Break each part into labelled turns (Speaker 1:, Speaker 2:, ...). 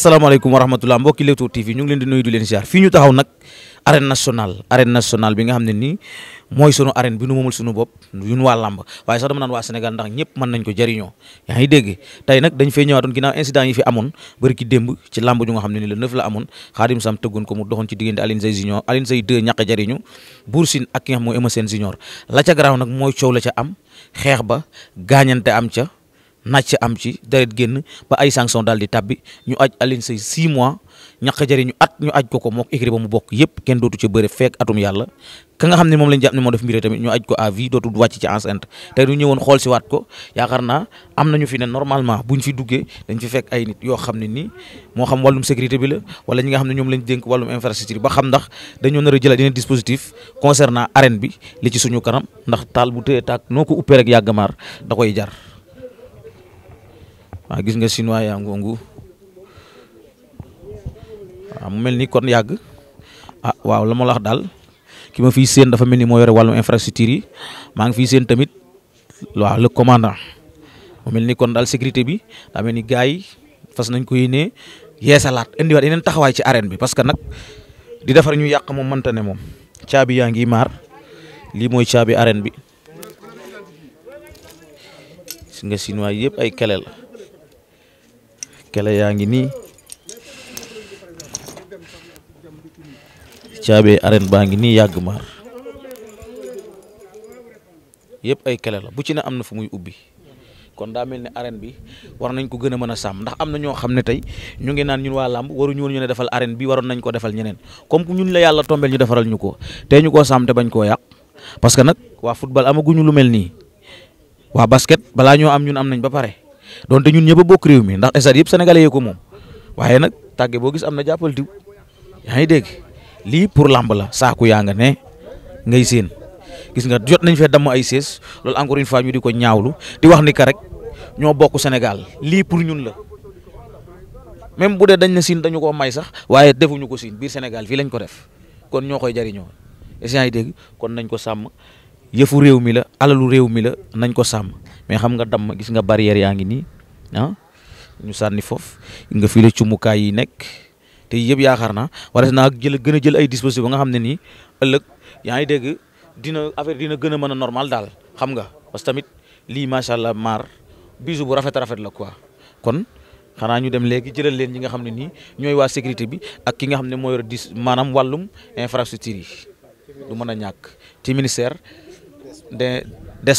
Speaker 1: asalaamaaleykum wa rahmatulah mbokki Leewtoo TV ñu ngi leen di nuyu di leen ziar ñu taxaw nag arène nationale bi nga xam ne nii mooy sunu arène bi nu moomul sunu bopp ñun waa làmb waaye sax dama naan waa Sénégal ndax ñëpp mën nañ ko jëriñoo yaa ngi dégg tey nag dañ fee ñëwaatoon ginnaaw incident yi fi amoon bëri ki démb ci làmb ju nga xam ne amoon Khadim Sam tëggoon ko mu doxoon ci diggante Alioune Seye Junior Alioune Seye 2 a ak ki nga xam mooy Eumeu Junior la garaaw nag mooy coow la ca am xeex ba gaañante am ca naaj am ci deret génn ba ay sanction daal di tabbi ñu aj Alioune Seye 6 mois ñaq jëriñu at ñu aj ko ko mook écrit ba mu bokk yëpp kenn dootu ci bëre fekk atum yàlla ka nga xam ne moom lañ jàpp ne moo def mbiré tamit ñu aj ko à vie dootu ñëwoon xool si ko yaakaar naa am nañu fi ne normalement buñ fi duggee dañ fi fekk ay nit yoo xam ne nii moo xam wàllum sécurité bi la wala ñi nga xam ne ñoom lañ dénk wàllum infrastructure ba xam ndax dañoo nar a jëlaat yeneen dispositif concernant arène bi li ci suñu kanam ndax taal bu tëye taak noo ko uppee rek maar da koy jar waaw gis nga chinois yaa ngongu waaw mu mel ni kon yàgg ah waaw la ma la daal ki ma fiy seen dafa mel ni moo yore wàllum infrastructure yi maa ngi fiy seen tamit waaw le commandant mu mel ni kon daal sécurité bi daa mel ni gars yi fas nañ ko yéenee yeesalaat indiwaat yeneen taxawaay ci arène bi parce que nag di defar ñu yàq moom mënta ne moom caabi yaa ngi maar lii mooy caabi arène bi gis nga chinois yëpp ay kele la kele yaa ngi nii caabe arène baa ngi nii yàgg maar yëpp ay kele bu ci ne am na fu muy ubbi kon daa mel ne arène bi war nañ ko gën a mën a sàmm ndax am na ñoo xam ne tey ñu ngi naan ñun waa làmb waruñu woon ñu ne defal arène bi waroon nañ ko defal ñeneen comme ñun la yàlla tombeel ñu defaral ñu ko tey ñu koo sàmm te bañ koo yàq parce que nag waa football amaguñu lu mel nii waa basket balaa ñoo am ñun am nañ ba pare. donte ñun ñëpp bokk réew mi ndax stade yëpp sénégalais yi ko moom waaye nag tàgge boo gis am na jàppal diw yaa ngi dégg lii pour làmb la saaku yaa nga ne ngay séen gis nga jot nañ fee damm ay sées loolu encore une fois ñu di ko ñaawlu di wax ni ka rek ñoo bokk Sénégal lii pour ñun la même bu dee dañ na siin dañu ko may sax waaye defuñu ko siin biir Sénégal fii lañ ko def kon ñoo koy jariñoo est yi dégg kon nañ ko sàmm yëfu réew mi la alalu réew mi la nañ ko sàmm. mais xam nga damm gis nga barrière yaa ngi nii ah ñu sànni foofu nga fii la cumukaay yi nekk te yëpp yaakaar naa war naa jël gën a jël ay dispositions ba nga xam ne nii ëllëg yaa ngi dégg dina affaire dina gën a mën a normal daal xam nga parce tamit lii macha allah maar bisu bu rafet rafet la quoi kon. xanaa ñu dem léegi jëlal leen ñi nga xam ne nii ñooy waa sécurité bi ak ki nga xam ne moo yor dis maanaam wàllum infrastructure yi du mën a ñàkk ci ministère des des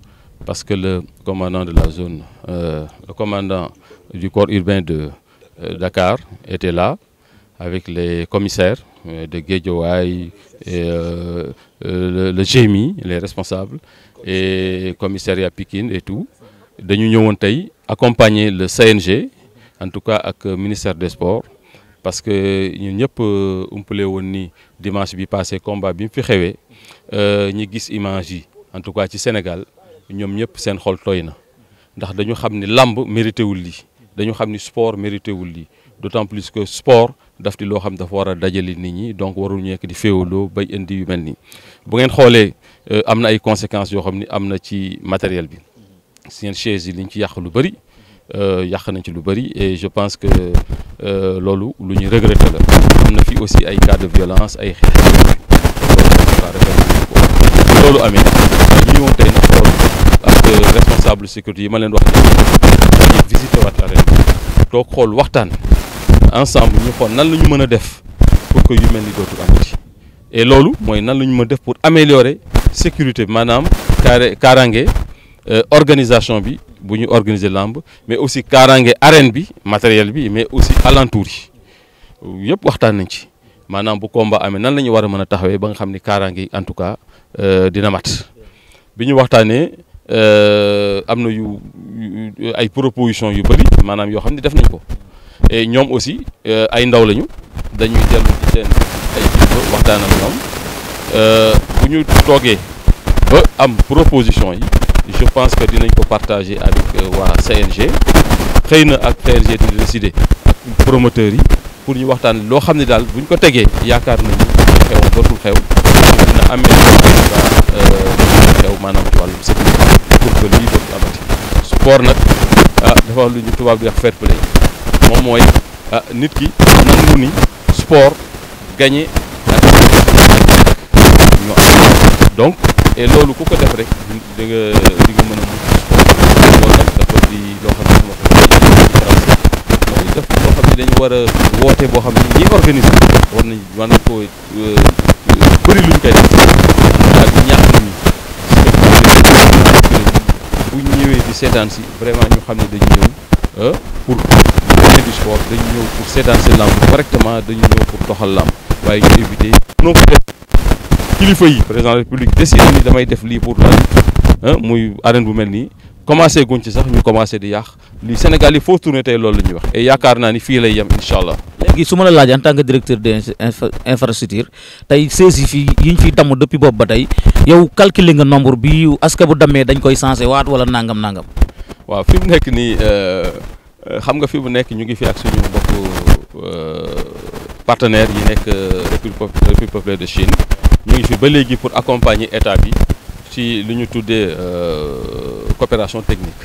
Speaker 2: parce que le commandant de la zone, euh, commandant du corps urbain de euh, Dakar était là avec le commissaire euh, de Guédiouaï et euh, euh, le, le GMI, les responsables, et commissariat Pikin et tout. dañu ñëwoon tey accompagner le CNG en tout cas ak ministère de sports parce que ñu ñëpp euh, umpale woon ni dimanche bi passé combat bi mu fi xewee ñi gis image yi en tout cas ci Sénégal ñoom ñëpp seen xool tooy na ndax dañu xam ni làmb mérité wul lii dañu xam ni sport mérité wul lii d'autant plus que sport daf di loo xam dafa war a dajale nit ñi donc warul ñekk di féewaloo bay indi yu mel nii bu ngeen xoolee euh, am na ay conséquences yoo xam ni am na ci matériel bi seen chaise yi liñ ci yàq lu bëri euh, yàq nañ ci lu bëri et je pense que euh, loolu lu ñu regretté la am na fi aussi ay cas de violence ay xeex loolu amee responsable sécurité yi ma toog xool waxtaan ensemble ñu nan la ñu mën a def pour que yu mel ni dootul amati et loolu mooy nan la ñu mën def pour améliorer sécurité bi maanaam kaare kaaraange euh, organisation bi bu ñu organiser lamb mais aussi kaaraange arène bi matériel bi mais aussi alentour yi yëpp waxtaan nañ ci maanaam bu komba amee nan la ñu war a mën a taxawee ba nga xam ni kaaraange en tout cas euh, dina mat bi ñu waxtaanee Euh, am na yu ay proposition yu bëri maanaam yoo xam ni def nañ ko ñoom aussi euh, ay ndaw lañu dañuy dellu ci seen ay kilifa waxtaan ñoom euh, bu ñu toogee ba am proposition yi je pense que dinañ ko partager avec waa CNG xëy na ak CNG di décider ak promoteurs yi pour ñu waxtaan loo xam ne daal bu ñu ko tegee yaakaar nañu xew dootul xew dina amee xew maanaam ci wàllu sécurité pour que lii dootul amati sport nag ah dafa lu ñu tubaab di wax fair play moom mooy ah nit ki nangu ni sport gagné donc loolu ku ko def rek di nga di nga mën a mucc sport loolu nag dafa loo xam ne dañu war a woote boo xam ne ñi organiser war nañ war nañ ko euh, euh, bëri lu ñu koy def bu ñu ñëwee di seetaan si vraiment ñu xam ne dañu ñëw ah, pour faire du sport dañu ñëw pour seetaan si làmb correctement dañu ñëw pour toxal làmb waaye ñu éviter non peut être kilifa yi président république décidé ni damay def lii pour la lutte ah, muy arène bu mel nii commencé guñ ci sax ñu commencé di yàq li Sénégal yi foo tourné tey loolu la ñuy wax et yaakaar naa ni fii lay yem incha allah. gi su ma la laaj en tant que directeur de infrastructure
Speaker 1: tey saisi fi yi ñu fiy damm depuis boobu ba tey yow calculer nga nombre bi askan bu dammee dañ koy
Speaker 2: sensé waat wala nangam nangam. waaw fi mu nekk nii euh, euh, xam nga fi bu nekk ñu ngi fi ak suñu mbokk euh, partenaires yi nekk République populaire de Chine ñu ngi fi ba léegi pour accompagner état bi si lu ñu tuddee coopération technique.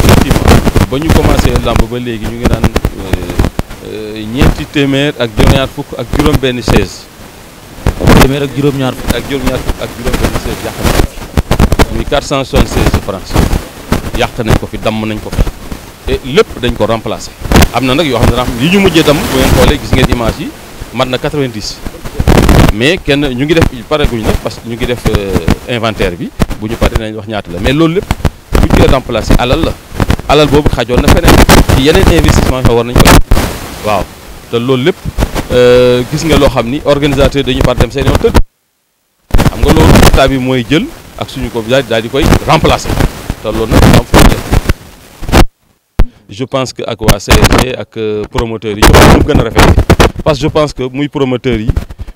Speaker 2: effectivement ba ñu commencé làmb ba léegi ñu ngi naan. ñeenti téeméer ak juróom-ñaar fukk ak juróom-benn seize. téeméer ak juróom-ñaar fukk ak juróom-ñaar fukk ak juróom-benn seize yàq nañ ko fi muy nañ ko fi damm nañ ko fi te lépp dañ ko remplacer. am na nag yoo xam ne yi ñu mujjee damm bu ngeen xoolee gis ngeen image yi mat na 90 mais kenn ñu ngi def pareeguñu nag parce que ñu ngi def euh, inventaire bi bu ñu paree nañ wax ñaata la mais loolu lépp bu ñu koy alal la alal boobu xajoon na feneen ci yeneen investissement yoo nañ ko waaw te loolu lépp euh, gis nga loo xam ni organisateur dañu par dem seen yoon tëdd xam nga loolu état bi mooy jël ak suñu ko daal di koy remplacer te loolu nag am problème je pense que ak waa CNG ak euh, promoteurs yi ñoom a rafetee parce je pense que muy promoteurs yi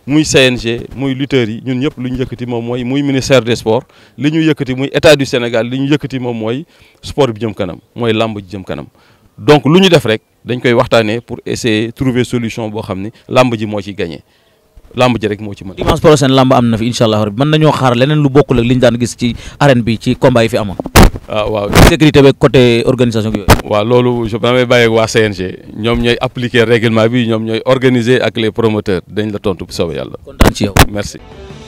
Speaker 2: muy CNG muy lutteurs yi ñun ñëpp lu ñu yëkkati moom mooy muy ministère des sports li ñu yëkkati muy état du Sénégal li ñu yëkkati moom mooy sport bi jëm kanam mooy làmb ji jëm kanam donc lu ñu def rek. dañ koy waxtaanee pour essayer trouver solution boo xam ne làmb ji moo ci gagné làmb ji rek moo ci mën. dimanche
Speaker 1: prochain làmb am na fi incha allah rabbi mën nañoo xaar leneen lu bokkul ak li ñu daan gis ci arène bi ci
Speaker 2: combat yi fi ama ah waaw sécurité beeg côté organisation bi yooyu. waaw loolu je damay bàyyi waa CNG ñoom ñooy appliquer règlement bi ñoom ñooy organiser ak les promoteurs dañ la tontu bu soobee yàlla. kontaan ci yow merci.